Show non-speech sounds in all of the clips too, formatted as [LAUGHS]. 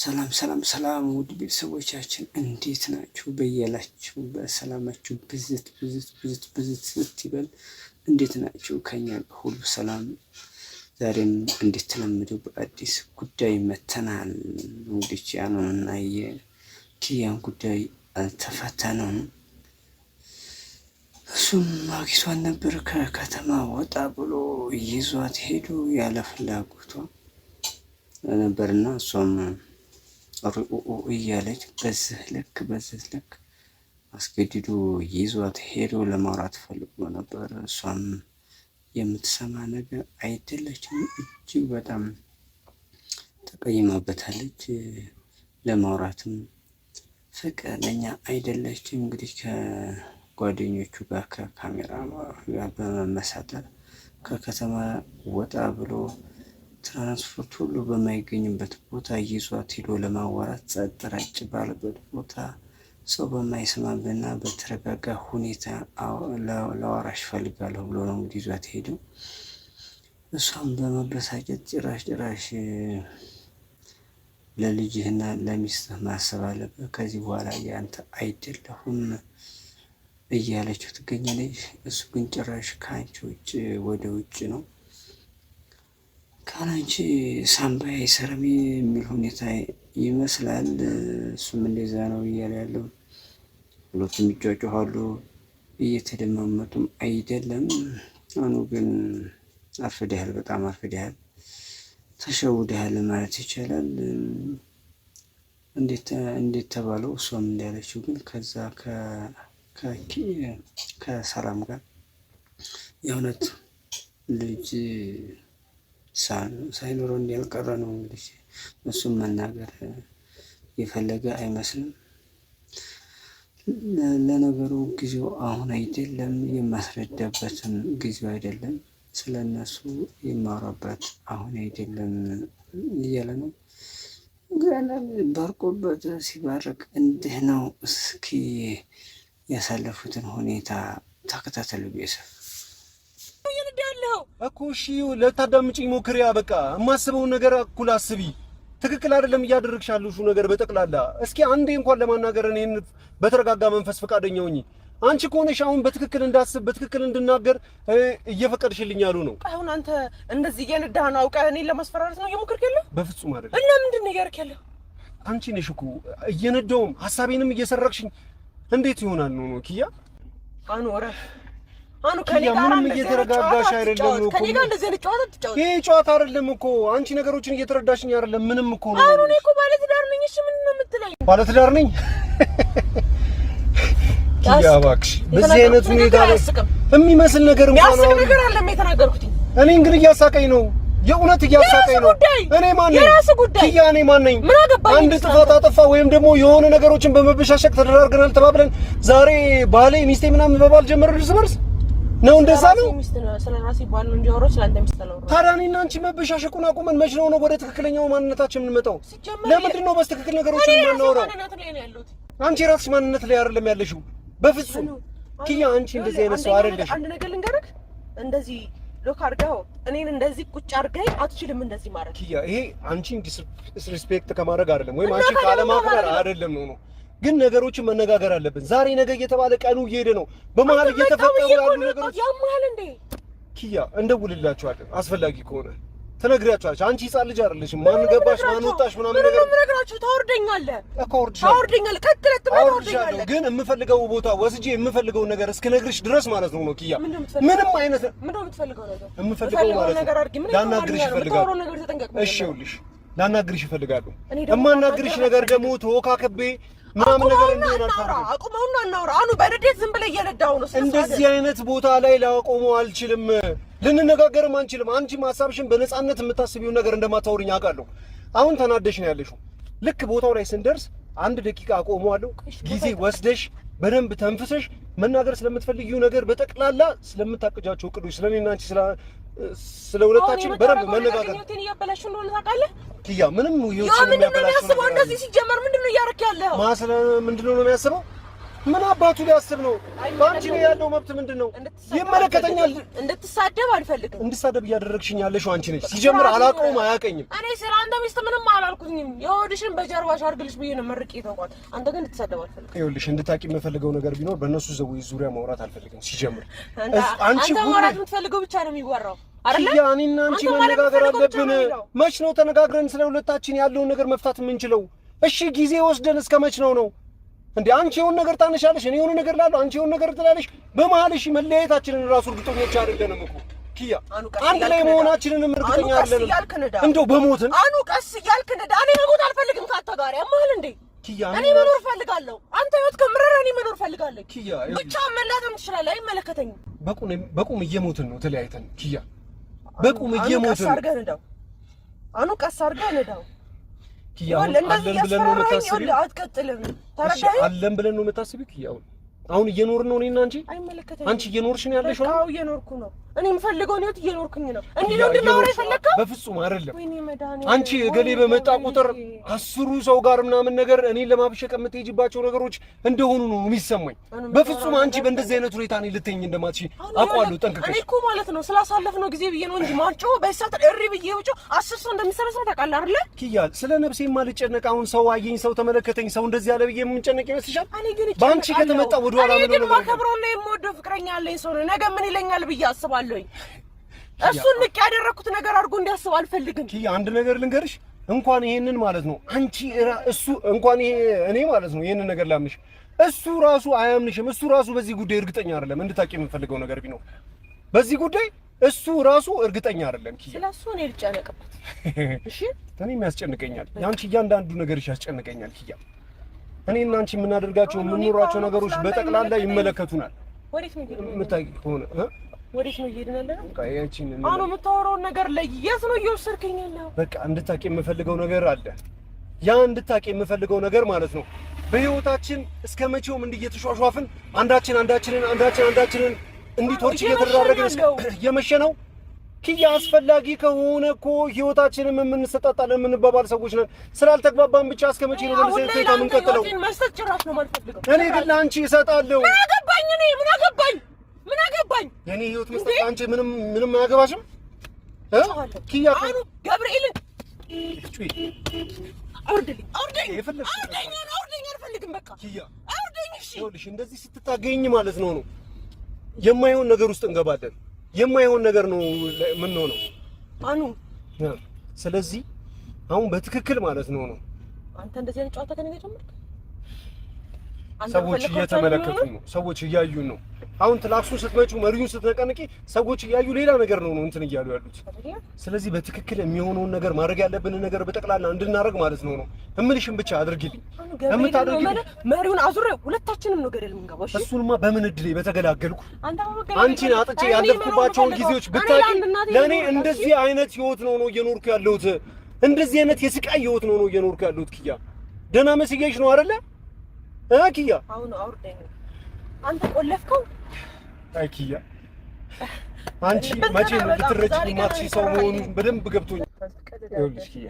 ሰላም ሰላም ሰላም ውድ ቤተሰቦቻችን እንዴት ናችሁ? በያላችሁ በሰላማችሁ ብዝት ብዝት ብዝት ብዝት ስትይበል እንዴት ናችሁ? ከኛ ሁሉ ሰላም። ዛሬም እንደተለመደው በአዲስ ጉዳይ መተናል። ውድች ያኑን እና የኪያን ጉዳይ አልተፈተነም። እሱም አኪሷን ነበር ከከተማ ወጣ ብሎ ይዟት ሄዱ ያለ ፍላጎቷ ነበርና እሷም እያለች በዚህ ልክ በዚህ ልክ አስገድዶ ይዟት ሄዶ ለማውራት ፈልጎ ነበር። እሷም የምትሰማ ነገር አይደለችም። እጅግ በጣም ተቀይማበታለች። ለማውራትም ፈቃደኛ አይደለችም። እንግዲህ ከጓደኞቹ ጋር ከካሜራ ጋር በመመሳጠር ከከተማ ወጣ ብሎ ትራንስፖርት ሁሉ በማይገኝበት ቦታ ይዟት ሂዶ ለማዋራት ጸጥ ረጭ ባለበት ቦታ ሰው በማይሰማበትና በተረጋጋ ሁኔታ ለአዋራሽ ፈልጋለሁ ብሎ ነው እንግዲህ ይዟት ሄደው። እሷም በመበሳጨት ጭራሽ ጭራሽ ለልጅህና ለሚስትህ ማሰብ አለብህ፣ ከዚህ በኋላ ያንተ አይደለሁም እያለችው ትገኛለች። እሱ ግን ጭራሽ ከአንቺ ውጭ ወደ ውጭ ነው ካላንቺ ሳምባዬ አይሰራም የሚል ሁኔታ ይመስላል። እሱም እንደዛ ነው እያለ ያለው ሁለቱም ይጫጫኋሉ፣ እየተደማመጡም አይደለም። አኑ ግን አርፍደሃል፣ በጣም አርፍደሃል፣ ተሸውደሃል ማለት ይቻላል። እንዴት ተባለው? እሷም እንዳለችው ግን ከዛ ከሰላም ጋር የእውነት ልጅ ሳይኖረው እንዲያልቀረ ነው። እንግዲህ እሱም መናገር የፈለገ አይመስልም። ለነገሩ ጊዜው አሁን አይደለም፣ የማስረዳበትም ጊዜው አይደለም፣ ስለ እነሱ የማውራበት አሁን አይደለም እያለ ነው። ባርቆበት ሲባርቅ እንዲህ ነው። እስኪ ያሳለፉትን ሁኔታ ተከታተሉ ቤተሰብ። ትወስዳለህ እኮ። እሺ ለታዳምጪኝ ሞክሪያ። በቃ የማስበውን ነገር እኩል አስቢ። ትክክል አይደለም እያደረግሽ ያለሽው ነገር በጠቅላላ። እስኪ አንዴ እንኳን ለማናገር እኔን በተረጋጋ መንፈስ ፈቃደኛ ሁኚ። አንቺ ከሆነሽ አሁን በትክክል እንዳስብ በትክክል እንድናገር እየፈቀድሽልኝ ያሉ ነው። አሁን አንተ እንደዚህ እየነዳህ ነው አውቀህ እኔን ለማስፈራራት ነው እየሞከርክ ያለህ? በፍጹም አይደለም። እና ምንድን ነው እያደረክ ያለህ? አንቺ ነሽ እኮ እየነዳውም ሀሳቤንም እየሰረቅሽኝ። እንዴት ይሆናል ነው ኪያ? አኖረህ ከኔ ጋር ምንም እየተረጋጋሽ አይደለም እኮ ከኔ ጋር እንደዚህ አይነት ጨዋታ ትጫወት። ይሄ ጨዋታ አይደለም እኮ አንቺ ነገሮችን እየተረዳሽኝ አይደለም። ምንም እኮ ነው። አሁን እኔ እኮ ባለ ትዳር ነኝ። እሺ ምን ነው የምትለኝ? ባለ ትዳር ነኝ። [LAUGHS] ኪያ እባክሽ፣ በዚህ አይነት ሁኔታ ላይ የሚመስል ነገር እንኳን ነው ነገር አለም የተናገርኩት። እኔ እንግዲህ እያሳቀኝ ነው የእውነት እያሳቀኝ ነው። እኔ ማን ነኝ? ጉዳይ ኪያ እኔ ማን ነኝ? ምን አገባኝ? አንድ ጥፋት አጠፋ ወይም ደግሞ የሆነ ነገሮችን በመበሻሸቅ ተደራርገናል ተባብለን ዛሬ ባሌ ሚስቴ ምናምን በባል ጀመረ እርስ በርስ ነው እንደዛ ነው። ታዲያ እኔና አንቺ መበሻሸቁን አቁመን መች ነው ወደ ትክክለኛው ማንነታችን የምንመጣው? ለምንድን ነው በስትክክል ነገሮች የምናወራው? አንቺ የራስሽ ማንነት ላይ አይደለም ያለሽው። በፍጹም ኪያ፣ አንቺ እንደዚህ አይነት ሰው አይደለሽም። አንድ ነገር ልንገርህ፣ እንደዚህ ሎክ አድርገኸው እኔን እንደዚህ ቁጭ አድርገኝ አትችልም። እንደዚህ ማድረግ ኪያ፣ ይሄ አንቺን ዲስሪስፔክት ከማድረግ አይደለም ወይም አንቺ ካለማክበር አይደለም ነው ነው ግን ነገሮችን መነጋገር አለብን። ዛሬ ነገ እየተባለ ቀኑ እየሄደ ነው። በመሀል እየተፈጠሩ ያሉ ነገሮች ያማል እንዴ ኪያ፣ እንደውልላችኋለን አስፈላጊ ከሆነ ትነግሪያቸዋለሽ። አንቺ ሕፃን ልጅ አይደለሽ። ማን ገባሽ ማን ወጣሽ ምናምን ነገር ነግራችሁ ታወርደኛለህ እኮ ታወርደኛለህ፣ ከትለት ታወርደኛለህ። ግን የምፈልገው ቦታ ወስጄ የምፈልገውን ነገር እስክነግርሽ ድረስ ማለት ነው ነው ኪያ፣ ምንም አይነት ምንድነው የምትፈልገው ነገር የምፈልገው ማለት ነው ላናግርሽ እፈልጋለሁ። እሺ ይኸውልሽ ላናግርሽ እፈልጋለሁ። እማናግርሽ ነገር ደግሞ ተወካክቤ ምናምን ነገር እንደሆነ አቁመውና እናውራ። አኑ በንዴት ዝም ብለህ እየነዳሁ ነው። እንደዚህ አይነት ቦታ ላይ ላቆመው አልችልም፣ ልንነጋገርም አንችልም። አንቺም ሀሳብሽን በነፃነት የምታስቢውን ነገር እንደማታወሪኝ አውቃለሁ። አሁን ተናደሽ ነው ያለሽው። ልክ ቦታው ላይ ስንደርስ አንድ ደቂቃ አቆመዋለሁ። ጊዜ ወስደሽ በደንብ ተንፍሰሽ መናገር ስለምትፈልጊው ነገር በጠቅላላ ስለምታቅጃቸው እቅዶች ስለኔና አንቺ ስለ ሁለታችን በደንብ መነጋገር ነው። እያበላሽ እንደሆነ ታውቃለህ ኪያ። ምንም ነው የሚያስበው እንደዚህ። ሲጀመር ምንድን ነው እያደረክ ያለኸው? ማን ምንድን ነው የሚያስበው? ምን አባቱ ሊያስብ ነው? በአንቺ ላይ ያለው መብት ምንድን ነው? ይመለከተኛል። እንድትሳደብ አልፈልግም። እንድሳደብ እያደረግሽኝ ያለሽው አንቺ ነሽ። ሲጀምር አላውቀውም፣ አያውቀኝም። እኔ ስለ አንተ ሚስት ምንም አላልኩኝም። የሆድሽን በጀርባሽ አድርግልሽ ብዬ ነው መርቄ ተቋል። አንተ ግን እንድትሳደብ አልፈልግም። ይኸውልሽ፣ እንድታቂ የምፈልገው ነገር ቢኖር በእነሱ ሰዎች ዙሪያ ማውራት አልፈልግም። ሲጀምር አንቺ ማውራት የምትፈልገው ብቻ ነው የሚወራው ያ እኔና አንቺ መነጋገር አለብን። መች ነው ተነጋግረን ስለ ሁለታችን ያለውን ነገር መፍታት የምንችለው? እሺ ጊዜ ወስደን እስከ መች ነው ነው እንዴ አንቺ የሆነ ነገር ታነሻለሽ፣ እኔ የሆነ ነገር ላለሁ፣ አንቺ የሆነ ነገር ትላለሽ። በመሀልሽ መለያየታችንን ራሱ እርግጠኞች አይደለንም እኮ ኪያ፣ አንድ ላይ መሆናችንንም እርግጠኛ አይደለንም። እንደው በሞትን አኑ ቀስ እያልክ ንዳ። እኔ መሞት አልፈልግም ካንተ ጋር ያማል እንዴ ኪያ፣ እኔ መኖር ፈልጋለሁ። አንተ ህይወት ከምረረ እኔ መኖር ፈልጋለሁ። ኪያ ብቻ መላትም ትችላለህ፣ አይመለከተኝም። በቁም በቁም እየሞትን ነው ተለያይተን ኪያ፣ በቁም እየሞትን አኑ ቀስ አድርገህ ንዳው። አለን ብለን ነው የምታስቢው? አሁን እየኖርን ነው እኔና አንቺ። አንቺ እየኖርሽ ነው ያለሽው። አዎ እየኖርኩ ነው እኔ የምፈልገው ነው እየኖርኩኝ ነው እንዴ? ነው እንደማወራ የፈለከው? በፍጹም አይደለም። አንቺ እገሌ በመጣ ቁጥር ከአስሩ ሰው ጋር ምናምን ነገር እኔ ለማብሸቅ የምትሄጂባቸው ነገሮች እንደሆኑ ነው የሚሰማኝ። በፍጹም አንቺ በእንደዚህ አይነት ሁኔታ እኔ ልትይኝ እንደማትሽ አውቀዋለሁ ጠንቅቀሽ። እኔ እኮ ማለት ነው ስላሳለፍነው ጊዜ ብዬ ነው እንጂ ማጮ በሳት እሪ ብዬ ብጮ አስር ሰው እንደሚሰበሰብ ታውቃለህ አይደለ? ኪያ ስለ ነፍሴ የማልጨነቅ አሁን ሰው አየኝ፣ ሰው ተመለከተኝ፣ ሰው እንደዚህ አለ ብዬ የምንጨነቅ ይመስልሻል? በአንቺ ከተመጣ ወደ ኋላ ምን ነው? እኔ ግን የማከብረውና የምወደው ፍቅረኛ አለኝ ሰው ነው። ነገ ምን ይለኛል ብዬ አስባለሁ። አስባለሁኝ። እሱን ንቅ ያደረኩት ነገር አድርጎ እንዲያስብ አልፈልግም። ኪያ አንድ ነገር ልንገርሽ፣ እንኳን ይሄንን ማለት ነው አንቺ እሱ እንኳን ይሄ እኔ ማለት ነው ይሄንን ነገር ላምንሽ፣ እሱ ራሱ አያምንሽም። እሱ ራሱ በዚህ ጉዳይ እርግጠኛ አይደለም። እንድታቂ የምፈልገው ነገር ቢኖር በዚህ ጉዳይ እሱ ራሱ እርግጠኛ አይደለም። ኪያ ስለሱ እሱ እኔ ልጨነቅበት? [LAUGHS] እሺ እኔም ያስጨንቀኛል። ያንቺ እያንዳንዱ ነገርሽ ያስጨንቀኛል ኪያ። እኔ እና አንቺ የምናደርጋቸው የምንኖራቸው ነገሮች በጠቅላላ ይመለከቱናል። ወዴት ነው የምታውቂ ከሆነ ወዴት ነው እየሄድን ያለ? በቃ ያቺን አሁን የምታወራውን ነገር ላይ ነው እየወሰድከኝ ያለው? በቃ እንድታውቂ የምፈልገው ነገር አለ። ያ እንድታውቂ የምፈልገው ነገር ማለት ነው በህይወታችን እስከ መቼውም እንዲህ እየተሿሿፍን አንዳችን አንዳችንን አንዳችን አንዳችንን እንዲህ ቶርች እየተደራረግን እየመሸ ነው። ኪያ አስፈላጊ ከሆነ እኮ ህይወታችንም የምንሰጣጣለን የምንባባል ሰዎች ነን። ስላልተግባባን ብቻ እስከ መቼ ነው በመሰረት የምንቀጥለው? እኔ ግን ለአንቺ እሰጣለሁ። ምን አገባኝ እኔ ምን አገባኝ ምን አገባኝ? የኔ ህይወት መስጠት አንቺ ምንም ምንም አያገባሽም። ኪያ አኑ ገብርኤልን እንደዚህ ስትታገኝ ማለት ነው ነው የማይሆን ነገር ውስጥ እንገባለን። የማይሆን ነገር ነው የምንሆነው አኑ። ስለዚህ አሁን በትክክል ማለት ነው ነው አንተ እንደዚህ አይነት ጨዋታ ከእኔ ጋር ሰዎች እየተመለከቱ ነው፣ ሰዎች እያዩን ነው አሁን ትላክሱን ስትመጪው መሪውን ስትነቀንቂ ሰዎች እያዩ ሌላ ነገር ነው ነው እንትን እያሉ ያሉት። ስለዚህ በትክክል የሚሆነውን ነገር ማድረግ ያለብንን ነገር በጠቅላላ እንድናደርግ ማለት ነው ነው እምልሽም ብቻ አድርጊልኝ። እምታደርጊልኝ መሪውን አዙሬ ሁለታችንም ነው ገደል የምንገባው። እሺ እሱንማ በምን እድሌ በተገላገልኩ። አንቺን አጥቼ ያለፍኩባቸውን ጊዜዎች ብታቂ ለእኔ እንደዚህ አይነት ህይወት ነው ነው እየኖርኩ ያለሁት። እንደዚህ አይነት የስቃይ ህይወት ነው ነው እየኖርኩ ያለሁት። ኪያ ደህና መስያሽ ነው አይደለ እ አውርደኝ አንተ ቆለፍከው። አይ ኪያ፣ አንቺ መቼ ነው ብትረጪ ማትሽ ሰው መሆኑን በደንብ ገብቶኛል። ይኸውልሽ ኪያ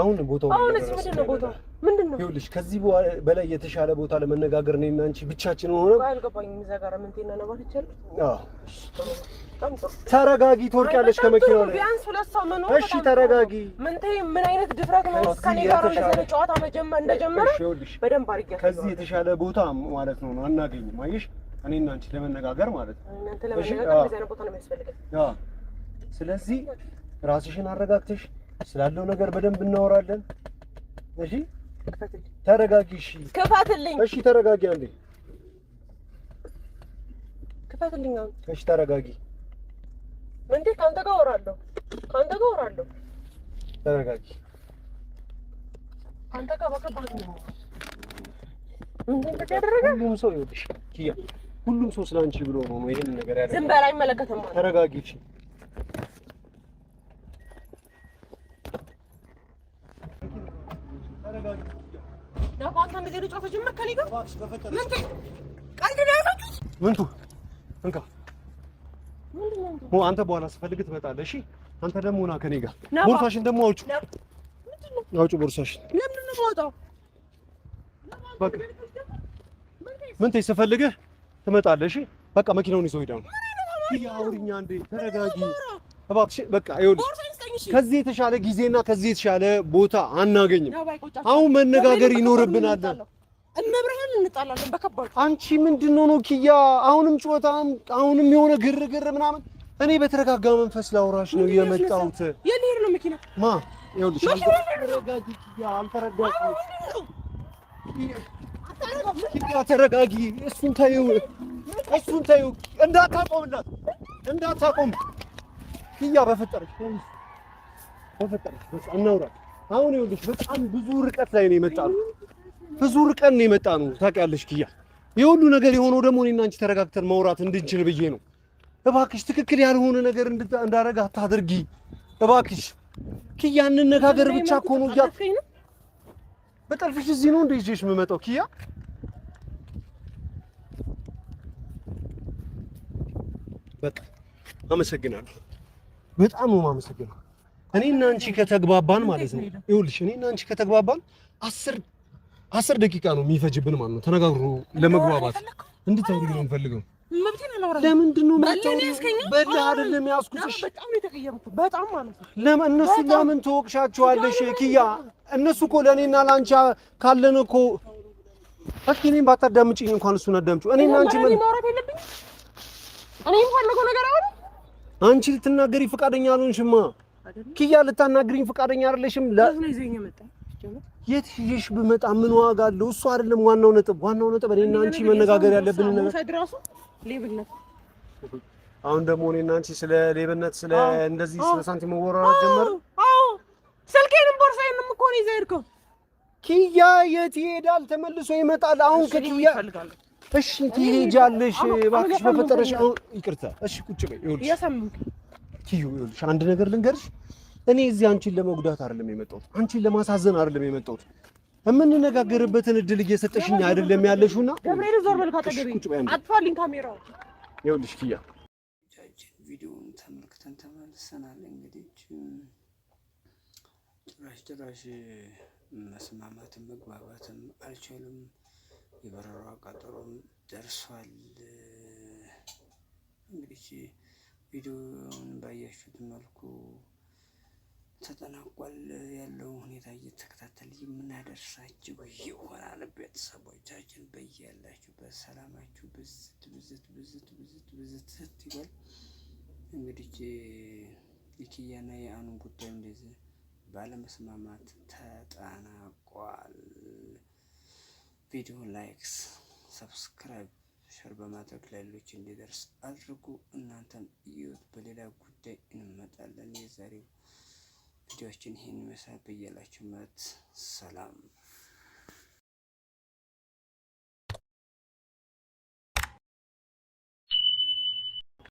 አሁን ቦታው አሁን እዚህ ምንድን ነው ቦታው ምንድን ነው? ይኸውልሽ ከዚህ በላይ የተሻለ ቦታ ለመነጋገር ነው እና አንቺ ብቻችን ሆነ አልገባኝም። እዛ ጋር ምን ጤና ነው ማለት ይችላል? አዎ ተረጋጊ፣ ትወርቂያለሽ ከመኪናው ላይ ቢያንስ ሁለት ሰው መኖር። እሺ ተረጋጊ። ምን ተይ፣ ምን አይነት ድፍረት ነው? እስካኔ ጋር እንደዚህ ጨዋታ መጀመር እንደጀመረ እሺ በደንብ አድርጊያለሁ። ከዚህ የተሻለ ቦታ ማለት ነው ነው አናገኝም። አየሽ እኔ እና አንቺ ለመነጋገር ማለት ነው። እናንተ ለመነጋገር ቦታ ነው የሚያስፈልገው። አዎ ስለዚህ ራስሽን አረጋግተሽ ስላለው ነገር በደንብ እናወራለን። እሺ ተረጋጊ። እሺ ክፈትልኝ። እሺ ተረጋጊ። አንዴ ክፈትልኝ። አሁን እሺ ተረጋጊ። እንዴ ከአንተ ጋር አወራለሁ፣ ከአንተ ጋር አወራለሁ። ተረጋጊ። አንተ ጋር በከባድ ነው። ሁሉም ሰው ይኸውልሽ፣ ሁሉም ሰው ስላንቺ ብሎ ነው ይሄን ነገር ያደረገው። ዝም በል አይመለከተም። ተረጋጊ። እሺ አንተ በኋላ ስፈልግ ትመጣለህ። እሺ አንተ ደግሞ ና ከኔ ጋር። ቦርሳሽን ደግሞ አውጪው፣ ቦርሳሽን በቃ ምንቴ ስፈልግህ ትመጣለህ። እሺ በቃ መኪናውን ይዘው ሄዳ ነው። አውሪኛ እንዴ! ተረጋጊ እባክሽ። በቃ ይኸውልሽ ከዚህ የተሻለ ጊዜና ከዚህ የተሻለ ቦታ አናገኝም። አሁን መነጋገር ይኖርብናል። እመብርህን እንጣላለን በከባድ አንቺ ምንድን ነው ኪያ፣ አሁንም ጨዋታ፣ አሁንም የሆነ ግርግር ምናምን። እኔ በተረጋጋ መንፈስ ላውራሽ ነው የመጣሁት። የልሄድ ነው መኪና ማ ይኸውልሽ፣ ተረጋጊ። እሱን ተይው፣ እሱን ተይው። እንዳታቆም፣ እንዳታቆም ኪያ በፈጠረሽ በፈጠረሽ በቃ እናውራ። አሁን ይኸውልሽ በጣም ብዙ ርቀት ላይ ነው የመጣ ነው። ብዙ ርቀት ነው የመጣ ነው። ታውቂያለሽ ኪያ፣ የሁሉ ነገር የሆነው ደግሞ እኔና አንቺ ተረጋግተን ማውራት እንድንችል ብዬ ነው። እባክሽ ትክክል ያልሆነ ነገር እንዳደረገ አታድርጊ እባክሽ ኪያ፣ እንነጋገር ብቻ እኮ ነው እያልኩ በጠልፍሽ እዚህ ነው እንደ ይዤሽ የምመጣው ኪያ በቃ አመሰግናለሁ። በጣም ነው የማመሰግነው። እኔ እና አንቺ ከተግባባን ማለት ነው። ይኸውልሽ እኔ እና አንቺ ከተግባባን አስር አስር ደቂቃ ነው የሚፈጅብን ማለት ነው። ተነጋግሮ ለመግባባት እንድታወሪ ነው የምፈልገው። ለምን እነሱ ለምን ትወቅሻቸዋለሽ ኪያ? እነሱ እኮ ለእኔና ለአንቺ ካለን እኮ እስኪ ባታዳምጪኝ እንኳን እሱን አዳምጪው። አንቺ ምን አንቺ ልትናገሪ ፈቃደኛ አልሆንሽማ ኪያ ልታናግሪኝ ፈቃደኛ አይደለሽም። የት ይዤሽ ብመጣ ምን ዋጋ አለው? እሱ አይደለም ዋናው ነጥብ። ዋናው ነጥብ እኔና አንቺ መነጋገር ያለብን ነገር አሁን ደግሞ እኔና አንቺ ስለ ሌብነት ስለ እንደዚህ ስለ ሳንቲም መወራራት ጀመር። አዎ ስልኬንም ቦርሳዬንም እኮ ነው ይዘህ ሄድከው። ኪያ የት ይሄዳል? ተመልሶ ይመጣል። አሁን ከኪያ እሺ ትሄጃለሽ? እባክሽ በፈጠረሽ። አሁን ይቅርታ። እሺ ቁጭ በይ። ይኸውልሽ ትዩ ይኸውልሽ፣ አንድ ነገር ልንገርሽ። እኔ እዚህ አንቺን ለመጉዳት አይደለም የመጣሁት፣ አንቺን ለማሳዘን አይደለም የመጣሁት። የምንነጋገርበትን እድል እየሰጠሽኝ አይደለም ያለሽውና፣ ገብርኤል ዞር በል ካጠገቤ፣ አጥፋልኝ ካሜራው። ይኸውልሽ ኪያ፣ ቪዲዮውን ተመልክተን ተመልሰናል። እንግዲህ ጭራሽ ጭራሽ መስማማትም መግባባትም አልቻሉም። የበረራ ቀጠሮም ደርሷል እንግዲህ ቪዲዮውን ባያችሁት መልኩ ተጠናቋል። ያለው ሁኔታ እየተከታተል የምናደርሳችሁ ይሆናል። ቤተሰቦቻችን በያላችሁ ሰላማችሁ ብዝት ብዝት ብዝት ብዝት ብዝት ይበል። እንግዲህ የኪያና የአኑን ጉዳይ እንደዚህ ባለመስማማት ተጠናቋል። ቪዲዮ ላይክስ ሰብስክራይብ ሸር በማድረግ ለሌሎች እንዲደርስ አድርጉ። እናንተም እዩት። በሌላ ጉዳይ እንመጣለን። የዛሬው ቪዲዮችን ይህን ይመስላል። በያላችሁበት ሰላም